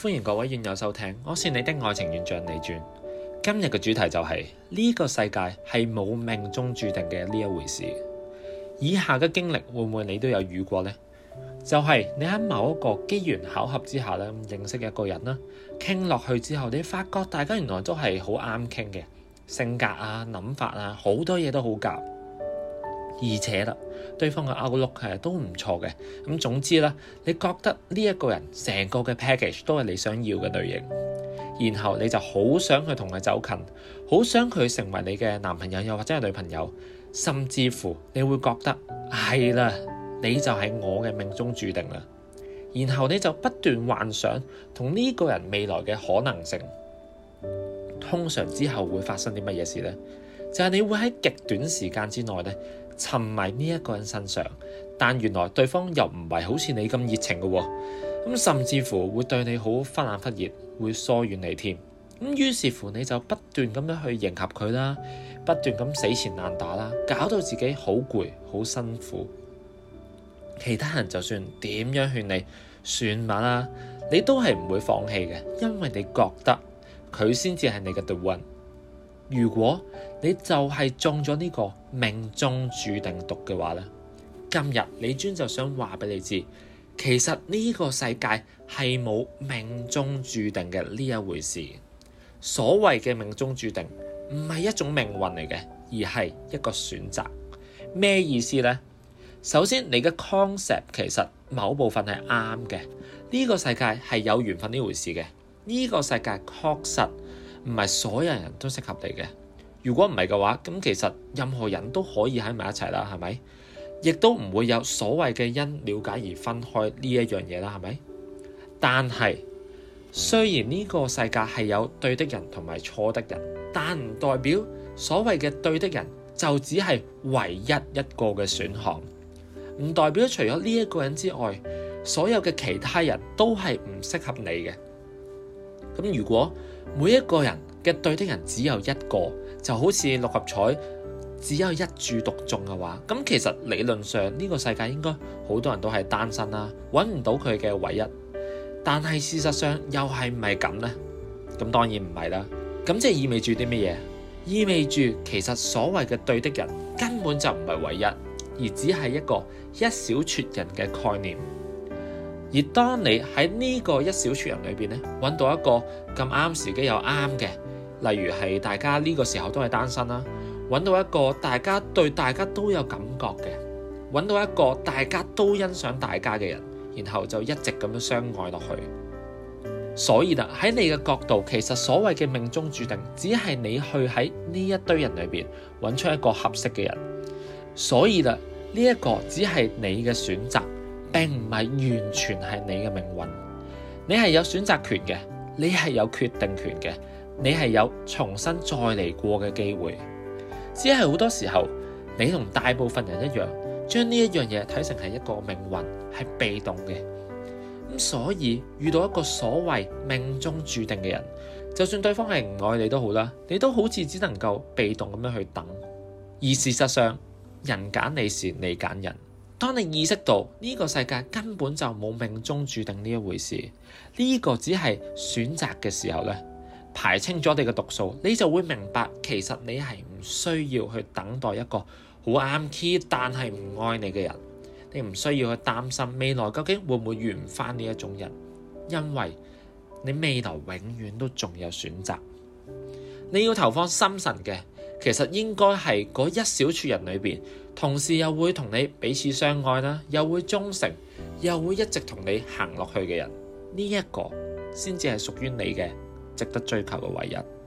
歡迎各位遠友收聽，我是你的愛情遠像李專。今日嘅主題就係、是、呢、這個世界係冇命中注定嘅呢一回事。以下嘅經歷會唔會你都有遇過呢？就係、是、你喺某一個機緣巧合之下呢，認識一個人啦，傾落去之後，你發覺大家原來都係好啱傾嘅，性格啊、諗法啊，好多嘢都好夾。而且啦，對方嘅 outlook 係都唔錯嘅。咁總之啦，你覺得呢一個人成個嘅 package 都係你想要嘅類型，然後你就好想去同佢走近，好想佢成為你嘅男朋友，又或者係女朋友，甚至乎你會覺得係啦，你就係我嘅命中注定啦。然後你就不斷幻想同呢個人未來嘅可能性。通常之後會發生啲乜嘢事呢？就係、是、你會喺極短時間之內呢，沉迷呢一個人身上，但原來對方又唔係好似你咁熱情嘅喎，咁甚至乎會對你好忽冷忽熱，會疏遠你添，咁於是乎你就不斷咁樣去迎合佢啦，不斷咁死纏爛打啦，搞到自己好攰好辛苦。其他人就算點樣勸你，算吧啦，你都係唔會放棄嘅，因為你覺得佢先至係你嘅 the one。如果你就係中咗呢個命中注定毒嘅話呢，今日李尊就想話俾你知，其實呢個世界係冇命中注定嘅呢一回事。所謂嘅命中注定唔係一種命運嚟嘅，而係一個選擇。咩意思呢？首先，你嘅 concept 其實某部分係啱嘅。呢個世界係有緣分呢回事嘅。呢個世界確實。唔係所有人都適合你嘅，如果唔係嘅話，咁其實任何人都可以喺埋一齊啦，係咪？亦都唔會有所謂嘅因了解而分開呢一樣嘢啦，係咪？但係雖然呢個世界係有對的人同埋錯的人，但唔代表所謂嘅對的人就只係唯一一個嘅選項，唔代表除咗呢一個人之外，所有嘅其他人都係唔適合你嘅。咁如果每一個人嘅對的人只有一個，就好似六合彩只有一注獨中嘅話，咁其實理論上呢個世界應該好多人都係單身啦，揾唔到佢嘅唯一。但係事實上又係唔係咁呢？咁當然唔係啦。咁即係意味住啲乜嘢？意味住其實所謂嘅對的人根本就唔係唯一，而只係一個一小撮人嘅概念。而當你喺呢個一小撮人裏邊咧，揾到一個咁啱時機又啱嘅，例如係大家呢個時候都係單身啦，揾到一個大家對大家都有感覺嘅，揾到一個大家都欣賞大家嘅人，然後就一直咁樣相愛落去。所以啦，喺你嘅角度，其實所謂嘅命中注定，只係你去喺呢一堆人裏邊揾出一個合適嘅人。所以啦，呢一個只係你嘅選擇。並唔係完全係你嘅命運，你係有選擇權嘅，你係有決定權嘅，你係有重新再嚟過嘅機會。只係好多時候，你同大部分人一樣，將呢一樣嘢睇成係一個命運，係被動嘅。咁所以遇到一個所謂命中注定嘅人，就算對方係唔愛你都好啦，你都好似只能夠被動咁樣去等。而事實上，人揀你時，你揀人。當你意識到呢個世界根本就冇命中註定呢一回事，呢個只係選擇嘅時候咧，排清咗你嘅毒素，你就會明白其實你係唔需要去等待一個好啱 key 但係唔愛你嘅人，你唔需要去擔心未來究竟會唔會遇唔翻呢一種人，因為你未來永遠都仲有選擇，你要投放心神嘅。其實應該係嗰一小撮人裏面，同時又會同你彼此相愛啦，又會忠誠，又會一直同你行落去嘅人，呢一個先至係屬於你嘅，值得追求嘅唯一。